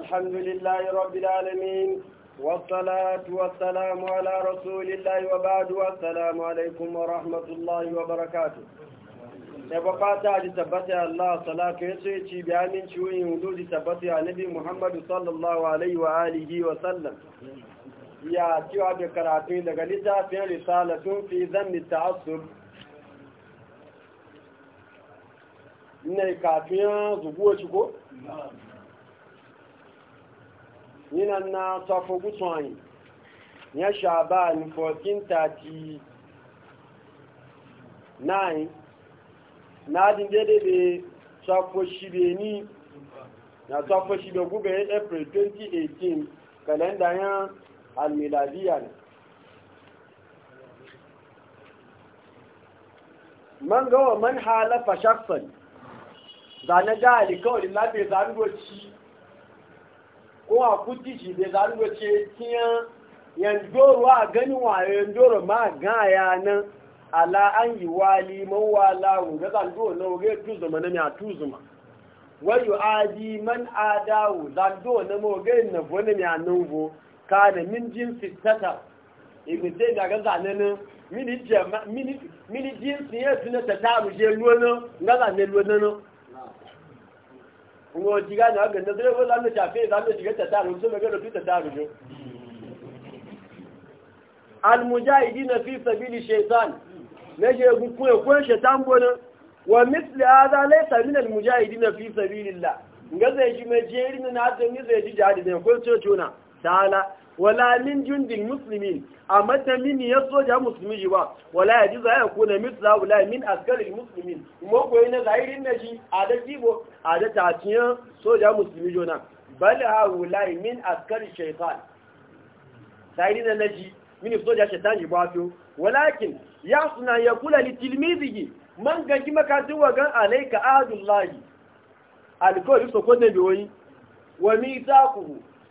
الحمد لله رب العالمين والصلاة والسلام على رسول الله وبعد والسلام عليكم ورحمة الله وبركاته يبقى تعالى تبتع الله صلاة يسيتي بأمين شوي ودود على نبي محمد صلى الله عليه وآله وسلم يا تيوى الكراتين لغلتا في رسالة في ذنب التعصب ne kafin zubuwa ciko? nina na safo gutsuwanyi ya sha'ban 1439 na adin daidai safo shibe ni na safo shibe gube april 2018 kalenda ya almiladiya ne man gawa man halafa shakfan zane ga alikawar labe zanuwa ci kuma ku tishi da zaruwa ce tiyan yanzu a gani wa yanzu ma gaya nan ala an yi wali mawala wuga zando na wuga tuzuma na miya tuzuma wayo adi man adawu zando na mawuga na wani miya nubu ka da min jinsi tata ibi sai daga zanenin mini jinsi ya tuna tata rushe luwa na gaza ne luwa na Kuma wajen na ga na zai wala na tafe da na jiga ta taru sun ga rufi ta taru jo al mujahidina fi sabili shaytan na je ko ko shaytan bona wa mithli hadha laysa min al mujahidina fi la, nga zai ji mai jerin na da zai ji jihadi ne ko to tona ta'ala wala min jundin muslimin a matamini ya soja musulmi ji ba wala ya ji za ya kuna mitsa wala min askarin musulmin kuma koyi na zahirin na shi a da kibo a da taciyar soja musulmi jona bala ha wala min askarin shaitan zahirin na ji mini soja shaitan ji ba fiyo walakin ya suna ya kula litilmizigi man gangi makatun wagan alaika ahadullahi alkawari sokon da biyoyi wa mita kuhu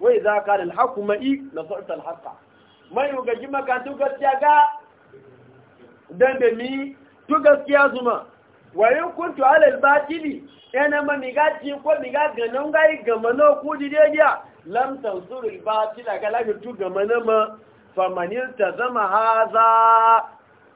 wai za ka da alhaku ma'i na sa'utar haka mai ugaji makantun gaskiya ga don da mi tu gaskiya zuma wayin kuntu alal batili yana ma migaci ko miga ganin gari gama na kudi daidaiya lamtar zurul batila ga lafi tu gama na ma famanin ta zama haza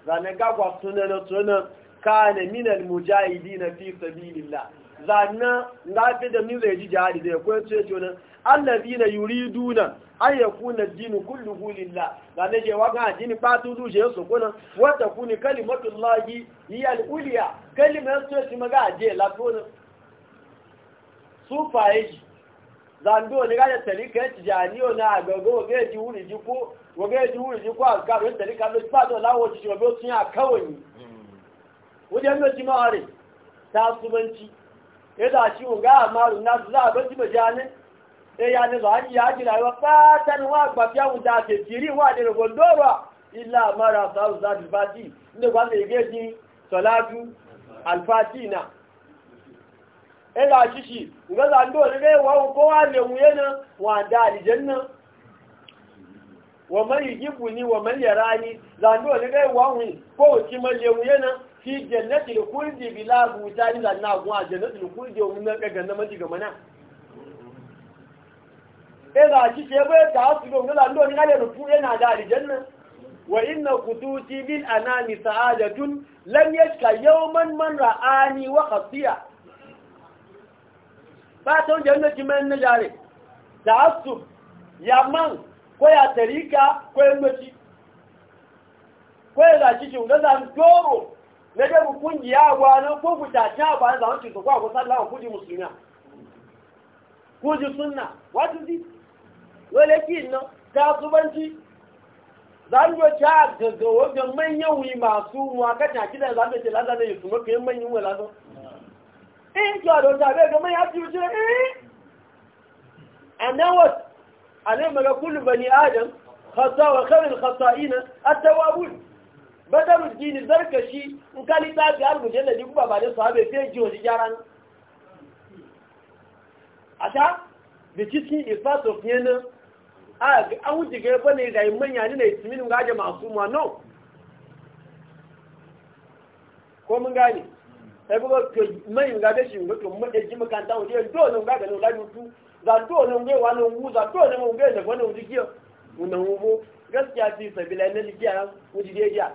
zane gagwa sunan sunan kane minal mujahidi na fi sabilillah zanna na fi da min zai ji jihadi da ya kuwa ce ce nan allazi na yuri duna an ya kuna dinu kullu hulilla ga na je wa a jini fatu zuciya su kuna wata kuni kalimatun lagi yi al'uliya kalimar su ce maga a je lafiyonin su faye shi zando ne gada tarika ya tijani yau na agago wage ji wuri ji ko wage ji wuri ji ko a karo yin tarika lo fatu lawo ci ci wabe sun yi a kawai hmm. wajen mai jima'are ta subanci ya za ci wunga a maru na su za a jani ya ne zuwa ya ji rayuwa fatan wa gbafiya ke wa illa mara za fati inda zai gaji salatu alfatina ya za ci shi ga za ndo da gai wa kowa ne mu yana wa da aljanna wa man yujibu ni wa man yarani za ndo da gai wa ko ci yana fi jannati kulli bila butani da na gwa kulli khuldi mun ga ganna maji ga mana e da shi ce bai da su don ga ndo ni ga da rufu yana e da aljanna wa inna qututi bil anami sa'adatun lam yashka yawman man ra'ani wa khatiya ba ta jannati man na jare ta'assub yaman ko ya tarika ko yammaci ko ya zaci shi ga zan doro na dai ku kungiya gwanan ko ku ta a gwanan zaman cikin kwa ku sallah ku ji musulmiya ku ji sunna wato ji dole ki no ta subanci zan yo cha gaga wajen manyan wi masu mu aka ta kidan zan da lalla ne su maka yin manyan wala so eh ki ado ta be ga manyan ci ci eh and then what alayma kullu bani adam khata wa khairul khata'ina at-tawwabun badarul dini zarkashi in ka littafi har mujalladi kuma ba da sahabe feji wani gyaran a sha da cikin isfato fiye na a an wuce ga yaba ne da manya ne na isminin gaje masu ma no ko mun gane sai buga mai ga da shi mutum mun da ji makanta wajen dole ga da lura yutu za dole ga wani wu za dole mun ga da wani wuji kiyo mun nan wubo gaskiya fi sabila na jiya wuji da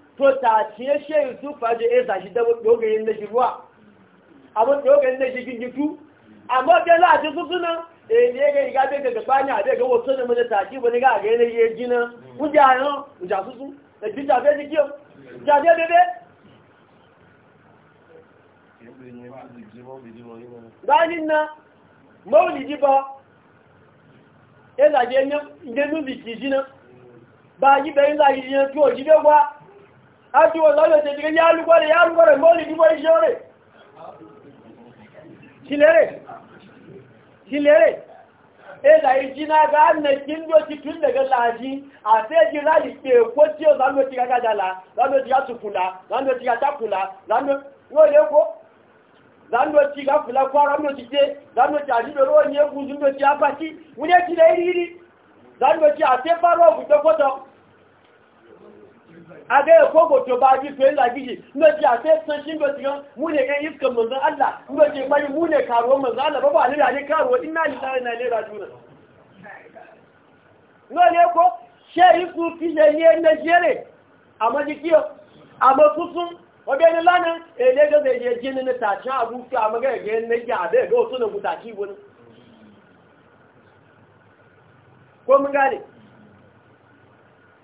to ta ciye she yusuf aje e sa shi da dogaye na shi ruwa abin dogaye na shi gingitu amma kai la ji su suna e ne ga iga be ga bani a be ga wato ne mun ta ci bani ga ga ne ye jina uja yo uja su susu, da e ji ta be ji yo ja de de de na maulidi ba e la je ne ngezu bi ji jina ba yi be la yi je to ji be wa ájú ọ̀lọ́yọ̀ tẹ̀lẹ̀ yá alúgbọ́rẹ̀ yá alúgbọ́rẹ̀ mọ́lì nígbọ́ iṣẹ́ rẹ̀ kílẹ̀rẹ̀ kílẹ̀rẹ̀ ẹ̀là ìjìnà ga nẹ̀ kí ń ló ti tún lẹ̀gẹ́ láàájí àti ẹjì ráyì pé èkó tí ó lánà ti gágádàlá lánà ti gátùkùlá lánà ti gátàkùlá lánà ti gáfùlá kwara mọ́ ti dé lánà ti àjíbẹ̀rọ ní ẹkùn tí ó ti apá sí wúlé ti agaya ko goto ba ji to yalla gije no ji a sai san shin goto ga mu ne kan iska manzon Allah mu ce bari mu ne karuwa manzon Allah ba ba ne ne karuwa inna na? no ne ko na jere amma ji kiyo amma kusun e, ne ga je amma ga ne ne ko mun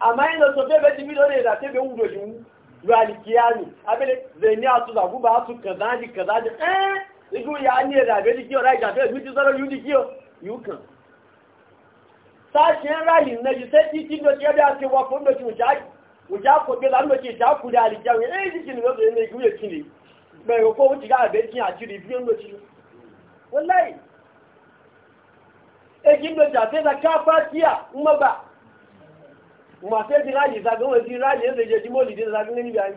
amma ina so bebe ti milo ne da tebe wudo ji wu rali kiyami abele zeni asu da guba asu kaza di kaza ya ni da be di kiyo rai da ti zaro yu di kiyo yu kan sa shi en rali na ne ko ko ma sai e ti raji zagan wajen raji yadda je jimo lidin zagan gani bayan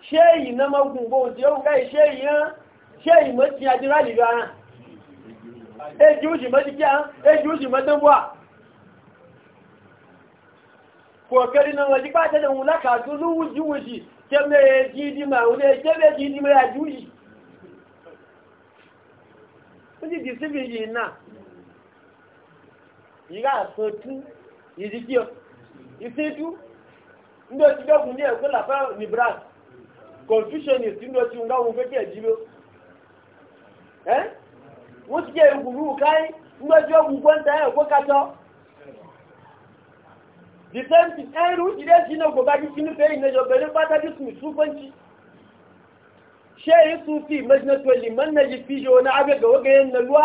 sheyi na magun bo je un kai sheyi ya yi ma ti aji raji bayan e juji ma ti kya e juji ma dan bwa kokari na waji ba ta da mulaka tulu wuji wuji kemme jidi ma wule ma ya juji Wọ́n ti dìsí bí yìí náà, yìí rà sọ tún ìdíkíọ̀ ìṣẹ́jú ndé ti dọ́kun ní ẹ̀kọ́ làfẹ́ ní brass confucianist ndé ti nga wọn fẹ́kẹ́ ìdílé ẹ́ wọ́n ti jẹ́ ìwúrú káyí ndé ti dọ́kun gbọ́ntà ẹ̀kọ́ kátọ́ the same thing ẹ̀rù ìdílé sí iná gbogbo ajú sínú fẹ́ ìnẹjọ pẹ̀lú pátákì sùn súnfẹ́ǹtì ṣé èyí sùn sí ìmẹ́jìnà tó lè mọ́nà yìí fi ṣe ọ̀nà abẹ́gbẹ̀wọ́gẹ́ yẹn nà lúwà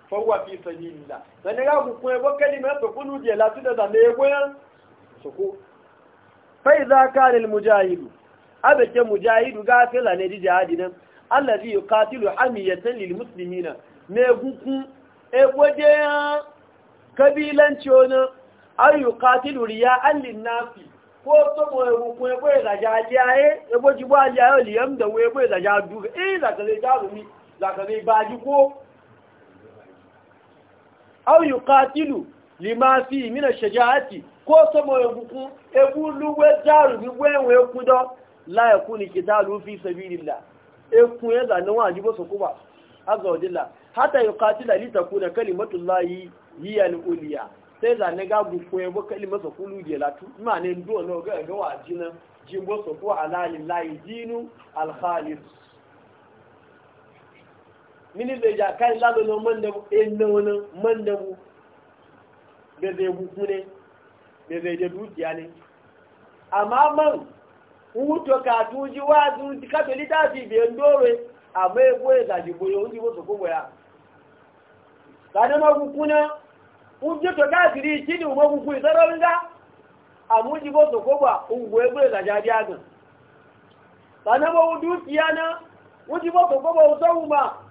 fọwọ́ fi sẹ́yìn ìlà ẹnìyà òkùnkùn ẹgbọ́ kẹ́lì mẹ́sàn fún lùdí ẹ̀ láti dẹ̀dà ní egbó yẹn sòkó fẹ́ìzá káàlì mujahidu abẹ̀kẹ́ mujahidu gáfẹ́ lànà jíjà àdì náà alàbí katilu hamiyatan lil muslimina na gukun egbó wani ayu katilu riya allin nafi ko sọmọ egbukun egbó ìlàjà ajé ayé egbó jibó ajé ayé olìyàn dẹ̀wọ̀ egbó ìlàjà dúró èyí làkàlẹ̀ jáàrùmí làkàlẹ̀ ìbájú kó au yuqatilu lima fi min ash-shaja'ati ko somo eguku eguluwe jaru biwewe ekudo la yakuni kitalu fi sabilillah ekun yaza na wa jibo sokuba azza wajalla hata yuqatila li takuna kalimatullahi hiya al-ulya sai za ne ga gufu e bo kalimatu kulu je latu ma ne ndo no ga ga wajina jimbo sokwa alalillahi dinu al-khalis mini bai ja kai lalo no man da e e bu en no no man da bu be zai buku ne be zai da dukiya ne amma man wuto ka tuji wa zu ka be litafi be ndore amma e boye da ji boye undi bo so ko boya kana ma buku na unje to ka siri chini mo buku zaro nga amuji bo so ko ba ungwe boye da ja diago kana ma dukiya na uji bo so ko ba so ma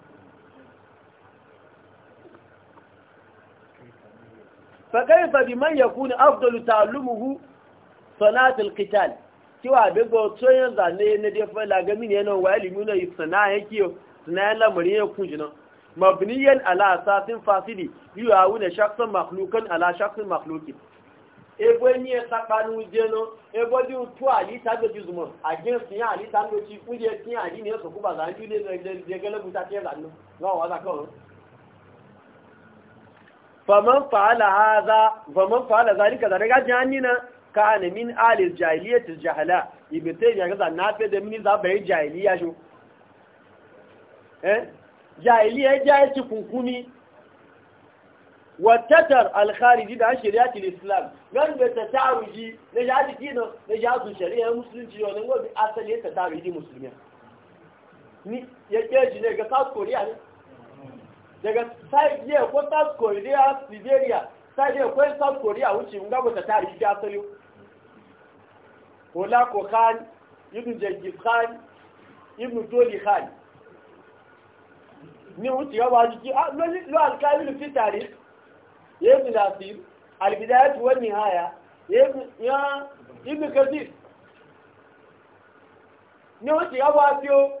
فكيف بمن يكون أفضل تعلمه صلاة القتال cewa duk wato yin zane na dafa lagami ne yana wa ilimi na sana yake sana yana lamarin ya kunji nan ala asasin fasidi yiwa wuna shaksan makhlukan shaksan makhlukin ebo ni e sapanu jeno ebo di utu ali tabe di zumo against ni ali tabe ti fun je ti ali ni so ku ba za ju le de gele buta ti za no فمن فعل هذا فمن فعل ذلك درجة جانينا كان من آل الجاهلية الجهلاء يبتدي يقول أن نافع من ذا به جاهلية شو إيه؟ جاهلية جاهل تفكوني وتتر الخارج عن شريعة الإسلام من بتتعرج نجاز كينا نجاز شريعة مسلم شو نقول أصلية تتعرج مسلمين ni yake jine ga South Korea ne daga ko south korea siberia ko south korea wuce mun gaba ta tarihi asali kola ko khan ibn jenghis khan ibn doli khan ni wuce gaba jiki a ah, lo alkalilu fi tarihi ya ibn nasir albidayatu wa ya ibn kathir ni wuce gaba fiyo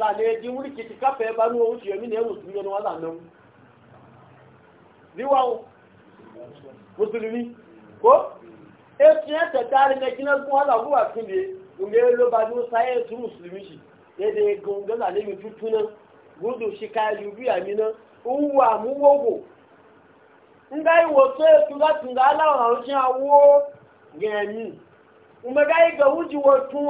zane ji mulki ti kafa ya bani wuce ya mini ya musulmi yana wala nan riwa musulmi ko e ti ya ta dare na gina kun wala ku a kinde unge lo ba ni sai su e musulmi shi ya e de gonga na le mi tutuna gudu shi ka yubi amina uwa mu wogo ngai wo so e tu lati ngala wa o chin gemi umegai ga uji wo tun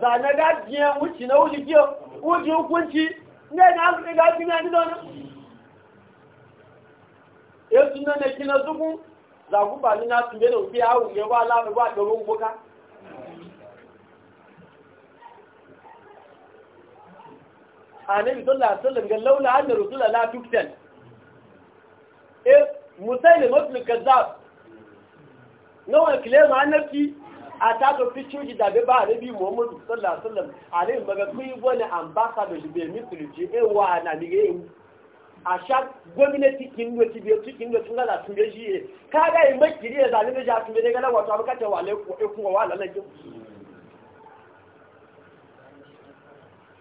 da na gajiyan wuce na wuce kiyo wuce hukunci ne na hankali gajiyan ya nuna wani ya suna na kina zugun ku ba ni na tunbe da wuce yawon ya ba lamu ba ɗorin buka a nabi sallallahu alaihi wasallam ga laula anna rusula la tuktan eh musailim ibn kazzab nawa kilema annabi a ta zo fikin ba a muhammadu sallallahu alaihi a ne maga kuyi wani ambassador shi bai misiri ji ewa eh, na yi a sha gwamnati kin da ti biyo cikin da tun da tun da ye ka ga yi makiri da zalimi ja tun da ga wato abuka ta wale ko wa eh, lalaje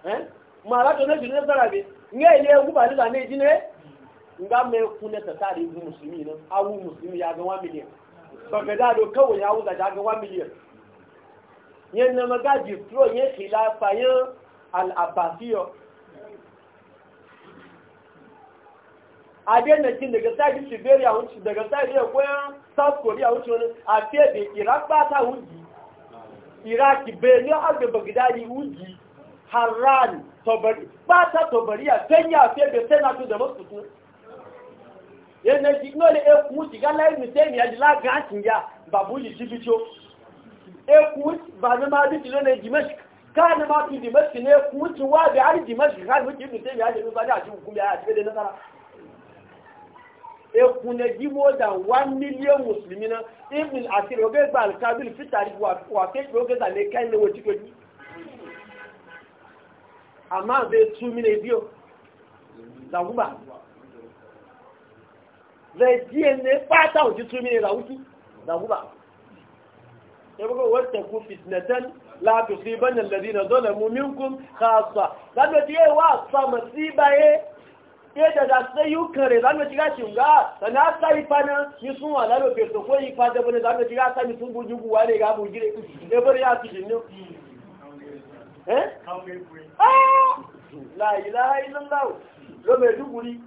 eh ma ra to ne ji ne zarabe ne ne ku ba ne ji nga me ku ne ta tare musulmi ne awu musulmi ya ga 1 million bagada do kawai ya wuza ga 1 million yẹn na magaji pro yẹn khilafa yẹn al'abasiyọ adẹ́nàtí daga sáàdì siberia wọ́n ti daga sáàdì ẹ̀kọ́yán south korea wọ́n ti wọ́n àti èdè iraq pátá wùjì iraq bẹ̀rẹ̀ ní ọgbẹ̀ bagdadi wùjì haran tọ̀bẹ̀rí pátá tọ̀bẹ̀rí àtẹ́yìn àti èdè sẹ́nàtò dẹ̀mọ́sùtù yẹn na ti náà lè ẹkùn ti gálẹ́ ìmìtẹ́mì àdìlá gàá ekut ba na ma duk ne dimashq ka na ma fi dimashq ne ekut wa bi ari dimashq ka mu ki mutai ya da ba da shi hukumi ya ci da nasara ekun ne ji more than 1 million muslimin ibn asir oge ba al-kabil fi tarikh wa wa ke oge da ne kai ne wati ko ji amma be 2 minute biyo da guba zai ji ne fata wuti 2 minute da wuti da guba ya buga wata ku fitnatan la tusibanna alladhina zalamu minkum khassa zanda tiye wa sa masiba ye ye da da sai yu kare zanda tiga shinga sana sai fana ni sun wala lo peso ko yi fada bane zanda tiga sai sun buju guwa ne ga bujire e bar ya ci dinno eh la ilaha illallah lo me duguri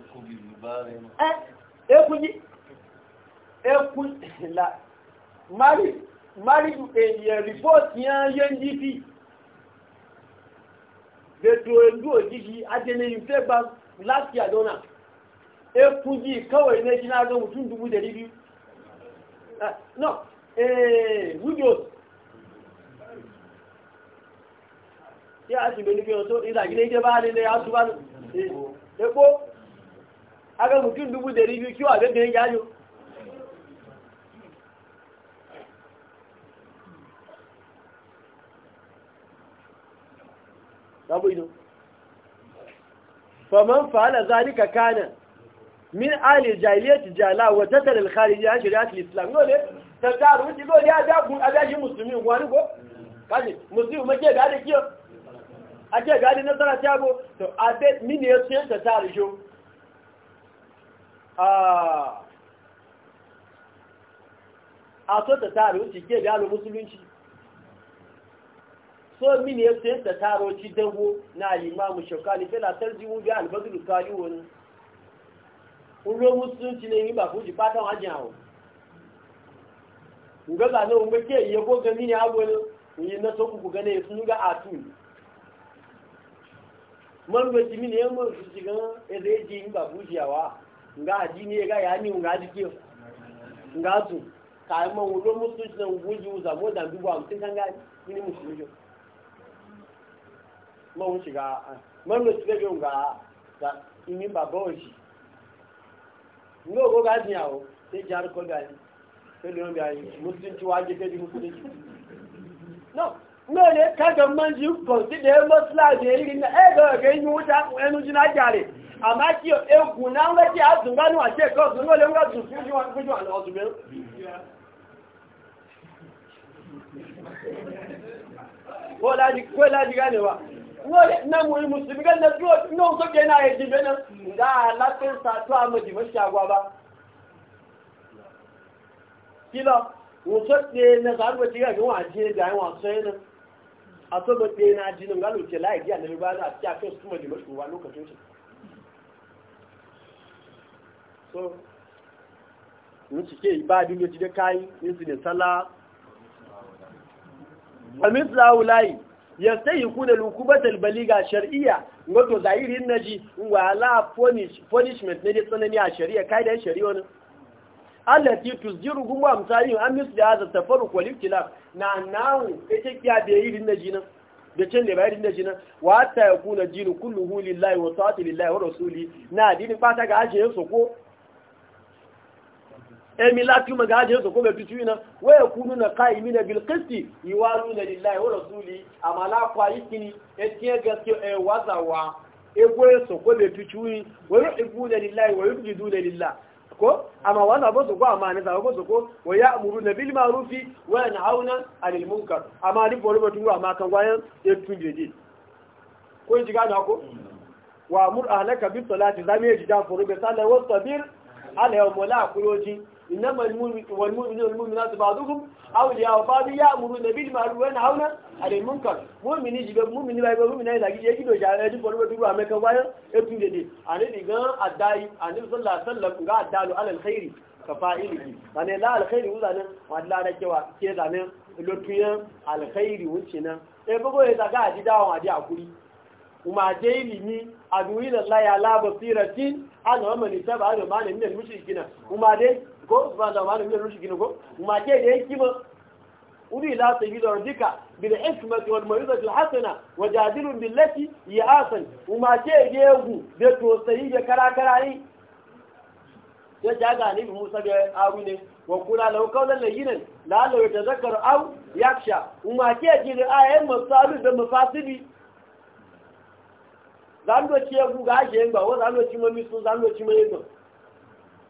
ẹ ekú yí ekú ìlà mari mari èyàn rìpọ́ọ̀tì yẹn yé ń yí bí gbètò ìlú òjijì ajẹnẹyìn fẹ́ gba láti àdọ́nà ekú yí kọ́wọ̀ ilé jí náà lóhun tún dùbú dẹ̀rí bí no widows tí a sì bẹ̀rẹ̀ fi hàn tó ìlà ìdílé jẹ́ bá nílé àtúbálù epo Aga mutum dubu dari biyu kiwa abin da ya gyajo babu ido faman fa'ala zalika kana min ali jahiliyyati jala wa tatal al kharij an shari'at al islam gole tattaru wuce gole ya da kun adashi musulmi wani go kaje musulmi make da da kiyo ake gadi nasara ta go to abe mini yace tattaru shi a ah. so ta taro ci ke biya musulunci so mini ya sayan ta taro ci dango na limamu shakali fela tarjimu bịa albazulu kali wani ulo musulunci ne yi ba fuji fatan hajjin hau nga ba na umar ke iya ko gami ne agwani yi na so kuku gane sun ga atu man wasi mini ya mun su shiga ya zai ji yi ba fuji yawa nga addini ga ya ni nga dike nga tu ka mo wo lo musu na wuji uza mo da duwa am tin kanga ni musu jo mo wo shiga ah, mo lo tibe jo nga ga imi baba oji ngo go ga ni awo te jar ko ga ni te lo ga ni musu ti wa je te di musu ni no no le ka ga manji ko ti de mo sla de ri na e ga ga ni wuta enu jina jare àmá kí egun náà ń rẹ́ kí a dùn bá níwà tí ẹ̀kọ́ ọ̀sùn náà lè ń rẹ́ fún jíwọ́n fún jíwọ́n ọ̀sùn mẹ́rún kó láti gá níwà náà mú mùsùlùmí gẹ́ náà náà pé náà sàárùn tí gẹ́gẹ́ wọ́n àjí ẹgbẹ̀ àwọn àṣẹ́ náà àtọ́gbẹ̀ pé so mun cike ibadi ne cike kai in su ne sala ya sai kuna punishment tsanani a shari'a kai da shari'a ne allati tuzjiru gum wa amsalin an misu da tafarruq wal ikhtilaf na nawu ita kya da irin da jinan da can da bayirin da jinan wa ta yakuna dinu kulluhu lillahi wa ta'ati lillahi wa rasuli na dini fata ga ajiye su ko emi lati ma gaje so ko be pitu ina wa yakununa qaimina bil qisti yuwaluna lillahi wa rasuli amala kwa yikini etie gaske e, e wazawa egwe so ko be pitu yi wa yuhibuna lillahi wa yubghiduna lillahi ko amma wannan ba su ko amma ne zaba ba su ko wa ya'muruna bil ma'rufi wa yanhauna 'anil munkar amma ni boro batun e wa ma kan wayan ya tunjeje ko ji gana ko wa mur ahlaka bis salati zamu e ji da furu be sallai wa sabir ala yawmul akuloji إنما والمؤمنون والمؤمنات بعضهم أولياء بعض يأمرون بالمعروف وينهون عن المنكر مؤمن يجب مؤمن يبقى مؤمن إذا جاء يجب وجاء يجب ولو تقول أمريكا وين يبتون جديد أنا لقاء الدائي أنا صلى الله عليه وسلم قاعد دالو على الخير كفائله أنا لا الخير هو أنا ما لا نكوا كذا أنا لطفيا الخير هو شنا إبقوا إذا قاعد يداو عادي أقولي وما جايلني أدوين الله على بصيرة أنا ومن يتبع أنا ما نمني المشركين وما ده ko ba da wani mai rushi gina ko ma ke da yake ma uri la ta gida rabbika bil ismati wal mawizati al hasana wajadilun billati ya asan ma ke gegu da to sai da karakara yi ya jaga ni Musa ga aru ne wa kula law qawlan layyinan la law yatazakkaru aw yaksha ma ke gida ayan masalu da mafasidi zan do ciye ku ga shi ba wa zan do ci mami sun zan do ci mai ba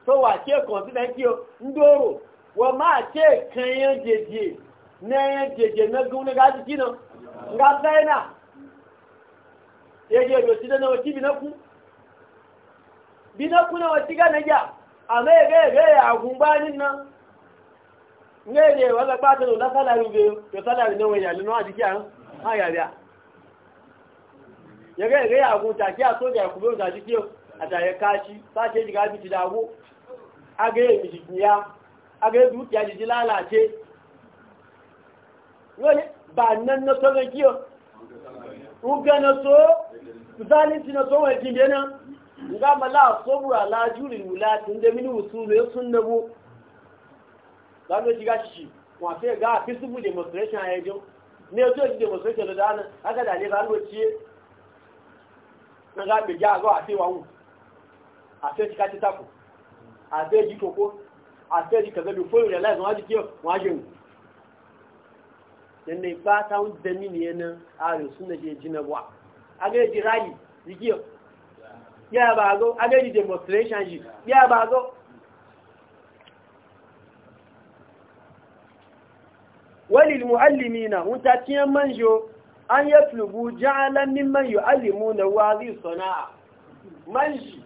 so wà ṣe kọ̀ǹsídà kí o ń dòrò wọ́n máa ṣe kànyàn jèjì náyàn jèjì mẹ́gún ní gáàsì kí náà nga bẹ́ẹ̀ náà yẹ́jẹ́ ìlú sídẹ́ náà kí bínú kú bínú kú ti gánà jà àmọ́ ẹ̀rẹ́ na àgùnbá nínú ní èdè wọ́n lọ pàtó lọ sálárì ìgbé yóò sálárì náà wọ̀nyà lónà àdìkí àrùn máa yàrá yẹ́rẹ́ a àgùn tàkí àtọ́jà ìkùnbẹ́ òtàkí àtàyẹ káàkiri sáà agaye mishikiya agaye dukiya jiji lalace wani ba nan na tsoron kiyo ruga na so zalunci na tsoron jinde nan ga mala sobura la juri wulatin da mini usulu ya sun nabu za mu shiga shi wasu ya ga peaceful demonstration a yajin ne ya ji demonstration da dana aka da ne za mu ciye na ga bai ja ga a sai wawu a sai cika ci taku àbẹ́ yìí kòkó àfẹ́ yìí kẹfẹ́ bí fóònù aji láìsàn wájú kí wọ́n á ba ta nínú ipá táwọn dẹni nìyẹn náà ààrẹ súnà jẹ jìnnà wà agẹ́jì ráyì yìí kí ọ̀ bí a bá demonstration yìí bí a bá wali mu'allimina mun ta ciyan manjo an ya ja'alan mimman yu'allimuna wa sana'a manji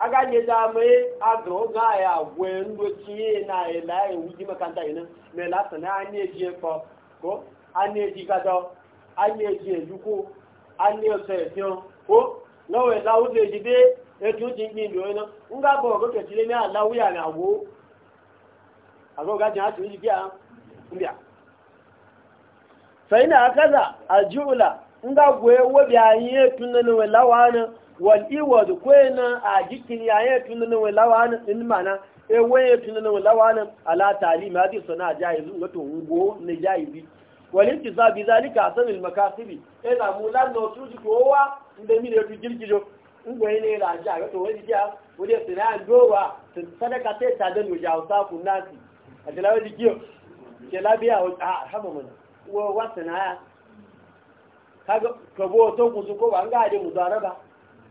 aga nye dama ye aga oge a ya gwe ndo tinye na ela ya ewu maka makanta ina na ela sana anya eji ekpo ko anya eji gado anya eji ejukwu anya eji efion ko na o ela ụzọ ejide etu ji ndị ndị onye nga bụ ọgụ kechile na ala wuya na agwo aga oga ji atụ iji bịa mbịa sai na akaza ajula nga gwe wobi anyị etu nne na welawa na. wal'iwadu ko yana a jikin yayin tunanin walawanin in mana e waye tunanin walawanin ala talim hadi sana jayizu ngato ngo ne jayibi walinti za bi zalika asan al makasibi e mu mulan no tuji kowa inda mi ne tujil kijo ngo ne la ja to wadi ja wadi sana dowa sadaka te ta da nuja usa kunati ajala wani kiyo ke labiya a ah, haba mana wa wasana kaga kabo to kuzu ko ba an ga da mudaraba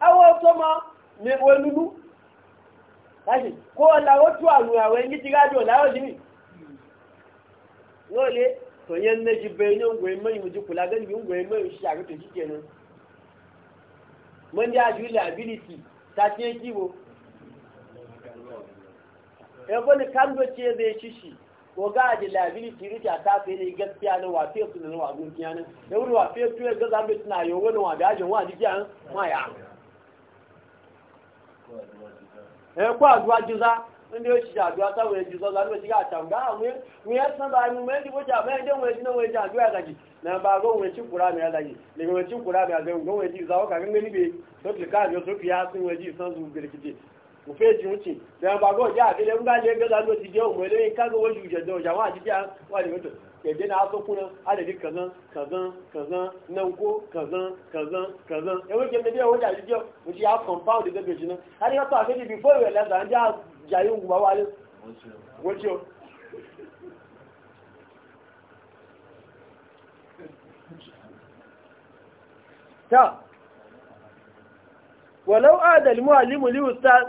awon to ma me wo lulu láti kó ọláwó tó àrùn àwọn ẹni tí rájò láwọ́ sí mi ló lé tó yẹ ń méjì bẹ̀rẹ̀ ní òǹgbò ẹmọ́ ìmójú kò lágbẹ́ níbi òǹgbò ẹmọ́ ìṣẹ́ àrùtò jíjẹ náà monday adúlé ability tàbí ẹjí e wo ẹgbẹ́ ni kámbó tí ẹ wa ṣíṣì ọgá àdìlẹ̀ ability rí ti àtàfẹ́ ní gẹ́gẹ́ àná wà fẹ́ẹ̀kù nínú wa e gùn kíá wa ewúrẹ́ wà ma ẹgbẹ́ ẹ̀kọ́ àdúrà jùzá ndị ochiji abịa ta wee jizọ na ndị acha mgbe ahụ nwunye sọ na anyị mgbe ndị bochi abịa ndị nwere ji na nwere ji abịa agaghị na mba agụ nwere chi chikwuru amị agaghị na nwere chikwuru amị agaghị mgbe nwere ji zọ ọka gị ngenibe dọkịta ka abịa otu ya asị nwere ji sọ zụ birikiti ofe ji nwuchi na mba agụ oji abịa ndị mgbe anyị ego na ndị ochiji ụmụ ele nka gị oji uje dị ụja nwaanyị bịa nwaanyị yaje na aso kuna adadi kazan kazan kazan nan ko kazan kazan kazan e wo je media wo da jijo mo ti a compound de beji na ari yo ta se before we la da ja jayo ngba wa le wo ti o ta walau adal muallimu li ustaz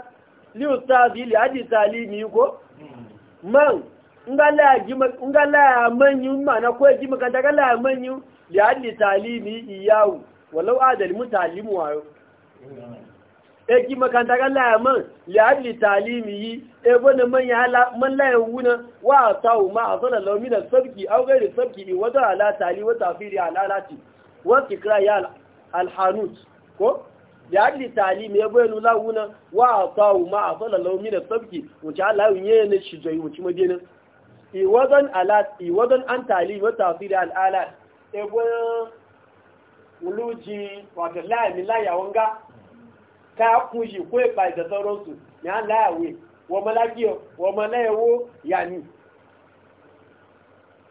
li ustaz li aji talimi ko laya manyu mana ko ji makanta ngala manyu li hadli talimi iyawu walau adal mutalimu wayo e ji makanta ngala man li hadli talimi yi e bana man ya la man la yuna wa taw ma azala law min al-sabki aw ghayr al-sabki bi wada ala tali wa tafiri ala alati wa tikra ya al-hanut ko ya hadli talimi e bana la wuna wa taw ma azala law min al-sabki wuce Allah yin ne shi joyi wuce madina iwadon alat iwadon an tali wa tafsir al alat ebo uluji wato la mi la ya wanga ka kuji ko e pa da sauran su ya la we wa malaki ya malayo yani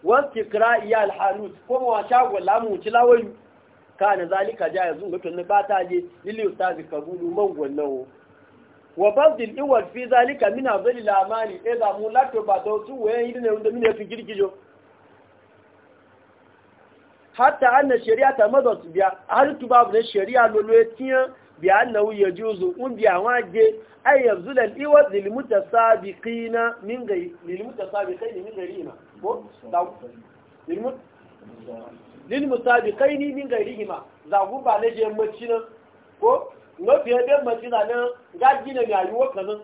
wasu kira iya alhanut kuma wa sha shago lamu ci lawayu kana zalika yanzu zungatun na ba ta je lili ustazi kabulu man gwannawo wa babdil iwal fi zalika min azli lamani e da mu lato ba to su wayan yidin ne wanda mine su girgijo hatta anna shari'a ta mazo su biya har tu babu ne shari'a lolo ya tiya biya annahu yajuzu un biya waje ay yazul al iwal lil mutasabiqina min gai lil mutasabiqain min gairina ko da lil mut lil mutasabiqain min gairihima zagu ba ne je macina ko wọ́n fi ẹgbẹ́ mọ̀sílá náà na lè ní àyíwó kan náà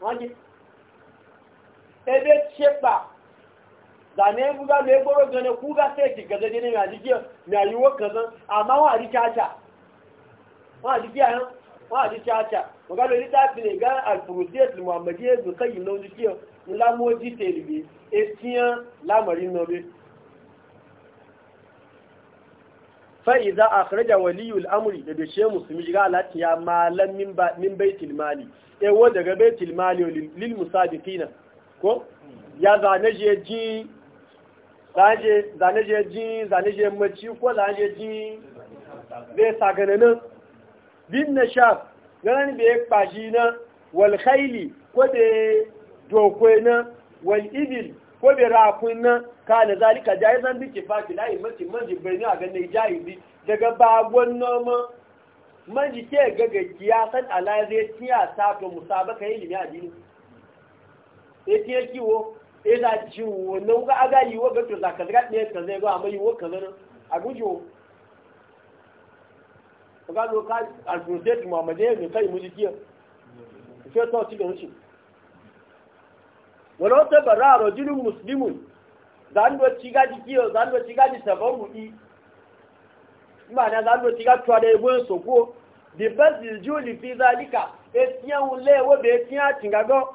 wọ́n jí ẹgbẹ́ ṣépà dàní ẹgbúgbà lè gbọ́rọ̀ gẹ́nẹ kúgbà sẹ́ẹ̀tì gẹ́gẹ́ ní àdíjẹ́ ní àyíwó kan náà àmá wọ́n àdí cháchà wọ́n àdí kí àyán wọ́n àdí cháchà wọ́n gálò ní táàpì lè gá àlùfòròsíẹ̀tì mọ̀hàmẹ́dí ẹgbẹ̀kẹ́yìn náà ojú kí ọ ńlá mọ́ jí tèlè fa'i za a kharaja waliyul amri da dace musulmi shiga alatiya malam min baitul mali ewo daga baitul mali lil musabiqina ko ya zane je ji zane je ji zane je maci zane ji zai sagananin bin na shaf ganin bai kpashi na wal ko da dokwai na wal ibil ko bai rafin nan ka da zalika jayizan biki faki layi mace manji birni a ganin jayizi daga bagon noma manji ke gaga giya san alaze tiya sa to musabaka limi a dini e tiya kiwo e za ji wo nan ga aga yi wo ga to zaka zaka ne ka zai ga mai yi wo kazan a gujo ga lo ka al-prusate muhammadiya ne kai mu dikiya sai to ci da wuce walau ta bara a rajulun muslimun zanuwar ciga jikiyo zanuwar ciga ji saban hudi ma na zanuwar ciga tuwa da ebo yin soko the best is fi zalika etiyan wule wo be etiyan cingago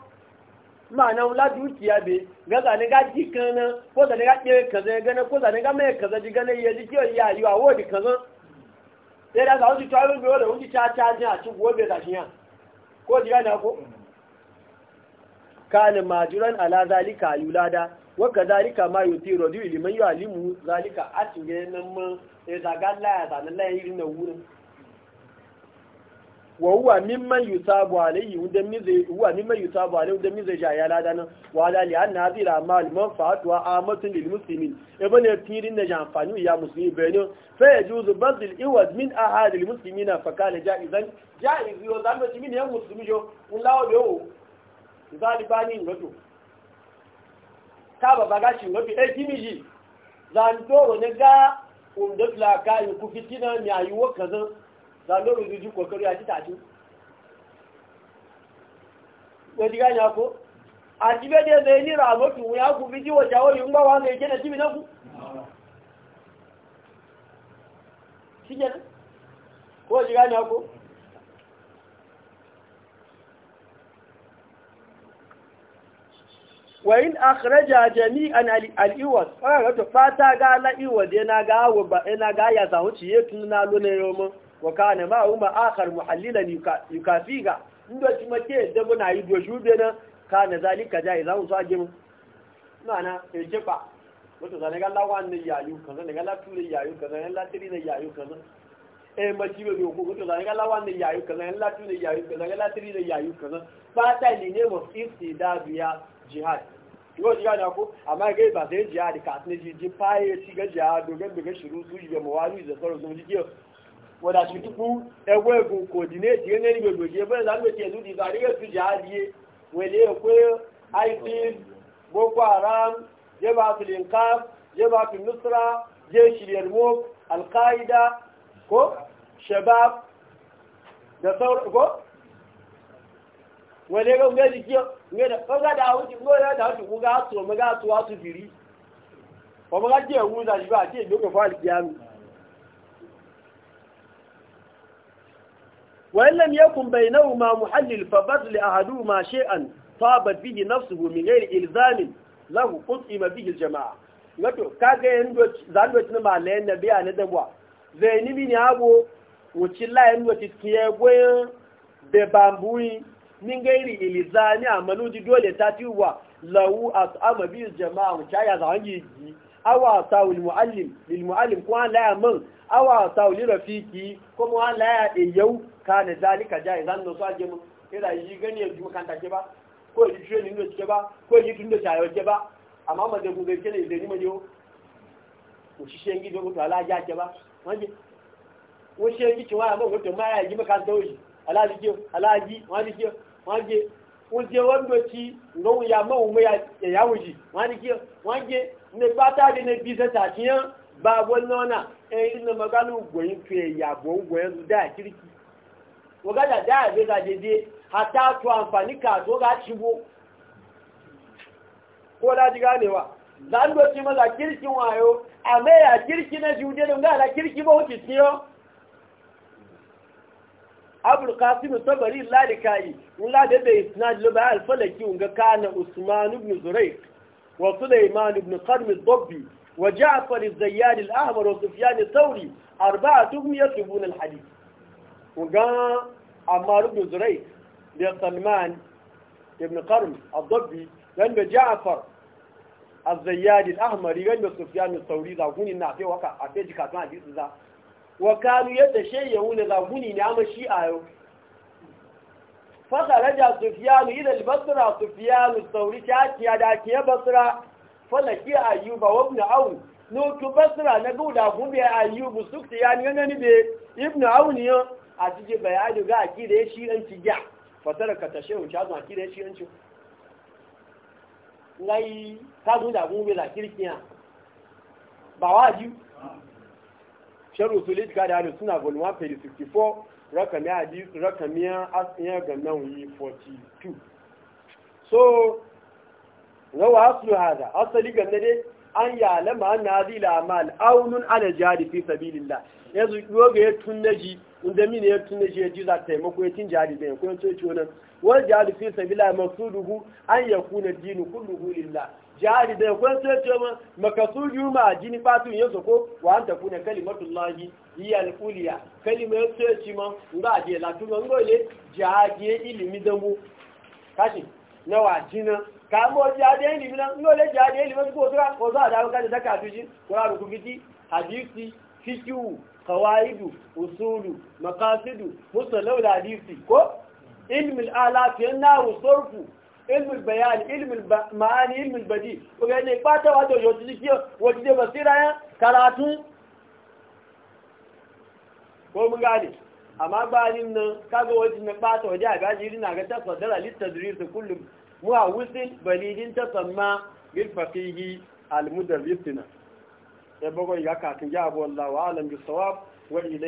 ma na wula dukiya be ga zane ga ji kana ko zane ga ɗaya kaza gana ko zane ga mai kaza ji gana ya ji kiyo ya yi wa wodi kaza sai e da za su tuwa yin biyo da wuce caca a cikin gobe da shi yan ko ji gana ko kana majuran ala zalika alulada wa kadhalika ma yutiru du liman yalimu zalika atinge nan ma e daga la ta nan la yirin na wurin wa huwa mimman yusabu alayhi wanda mize huwa mimman yusabu alayhi wanda mize ja ya lada nan wa da li anna hadhihi al-amal manfa'atu wa amatu lil muslimin e bane tirin da jamfani ya muslimi bayani fa yajuzu badl iwad min ahad al muslimin fa kana jaizan jaiz yo zamba jimin ya muslimi jo wallahu zaliba ni ngoto kaba bagashi ngoto e eh, kimiji zantoro ne ga umda tlaka yi ku fitina ni ayuwa kaza zantoro zuji kokari a ci tashi wadi nya ko a tibe da ne ni ramotu ya ku biji wa jawo yun ba wa zai kena tibi na ku shi kenan ko wadi nya ko wa in akhraja jami'an al-iwas fara to fata ga al-iwas yana ga wa yana eh, ga ya zawo ciye tun na lone yomo wa kana ma umma akhar muhallilan yukafiga inda ci make da muna yi do shube na kana zalika ja za mu sage mu mana e eh, ce fa wato zane ga lawan ne yayu kaza ne ga la tuli yayu kaza ne la tiri ne yayu kaza e ma ci be ko wato zane ga lawan ne yayu kaza ne la tuli yayu kaza ne la tiri ne yayu kaza fata ne ne mu biya? jihad yau jihad na ku amma gai ba sai jihad ka ne ji ji faye ci ga jihad dogon daga shiru su ji ga mawali da sauran sun ji kiyo shi tuku ewu coordinate ne ni gbogbo je ba za mu ce di ba riga su jihad ye wele kwe ISIS Boko Haram jeba fil inqaf jeba fil nusra je shiriyar mok alkaida ko shabab da sauran ko wale ga ngaji kiyo ngada kaga da wuci ngoya da wuci kuga so maga so wasu biri ko maga je wu da jiba je doko fa alkiyami wa illam yakun bainahuma muhallil fa badl ahaduhuma shay'an tabat bihi nafsuhu min ghairi ilzamin lahu qutima bihi aljamaa wato kaga yando zando tin ma le na biya ne da bwa zaini mini abo wuci la yando ti kiye goyen de ni gairi ilizani a manuji dole ta tiwa lau a tsama biyu jama'a wuce ya zawon ji awa sa mu'allim lil mu'allim an laya man? awa tawul, rafiki ko kuma an laya yau ka da zalika jai zan no so ajemu mun ira yi gani ya juma kanta ke ba ko yi training ne ke ba ko yi tun ta shayo ke ba amma ma da ku ga kene da ni ma yo ko shi shengi do ku ala ja ke ba wanje wo shengi ki wa ma ko to ma ya ji ma to yi ala ji ala ji wani ji wanje wuje wando ci ngon ya ma umu ya ya wuji wani ki wanje ne pata de ne bisa ta kiyan ba wonnona e ina magalu goyin fe ya bo goyin da kirki wagada da ya beza dede hata to amfani ka to ga cibo ko da ji ganewa zan doci maza kirkin wayo a mai a kirki na jude don ga ala kirki ba hutu ciyo da qasim sabari lalikai wala da da isnad lo ba al-falaki unga kana usman ibn zurayk wa sulaiman ibn qarm ad-dabbi wa ja'far az-zayyad al-ahmar wa sufyan ath-thawri arba'atuhum yatlubun al-hadith unga ammar ibn zurayk da salman ibn qarm ad-dabbi dan da ja'far az-zayyad al-ahmar dan da sufyan ath-thawri da kuni na sai waka a sai jikatan za wa kanu yadda shayyahu da zaguni ne amma shi a yau Raja sufiyanu idan basra sufiyanu sauri ta kiya da kiya basra ki ayyuba wa ibn no nutu basra na da gube ayyubu sukti ya ni ne be ibn aun yo a tije bayani ga da shi an ci ya fasara ka tashe wuce azun da shi an ci ngai ta guda gube la kirkiya ba wajibi sharu su sulit ka da hadin suna vol 1 page 64 rakami hadis rakami asiyar ga nan 42 so rawa aslu hada asali ga nade an ya alama an nazi lamal aunun ala jihadi fi sabilillah yanzu yoga ya tunnaji inda mini ya tunnaji ya ji za ta taimako ya cin jihadi bai ko ya ce wannan wal jihadi fi sabilillah maqsuduhu an yakuna dinu kulluhu lillah jihadi da kwan sai ce ma makasudi ma jini fatu yin su ko wa an tafi ne kalimatullahi hiya al kalima kalimar sai ce mun ga je la tu ngo le jihadi ilimi da mu kashi na wa jina ka mo jihadi ilimi na ngo le jihadi ilimi ko sura ko za da ka da ka tuji qur'an ku fiti hadisi fiqhu qawaidu usulu maqasidu musallu hadisi ko ilmi al-alaf yana usurfu ilmul bayani, ilmul ma'ani ilmul badi oge ne pata wa to yoti ji kiyo woti de basira ya karatu ko mun gane amma ba nin nan kaga woti ne pata wa ja ga jiri na ga tafaddala lit tadrir kullum mu a wusin balidin tasamma bil faqihi al mudarrisina sai bago ya ka tun ja wallahi wa alam bis sawab wa illa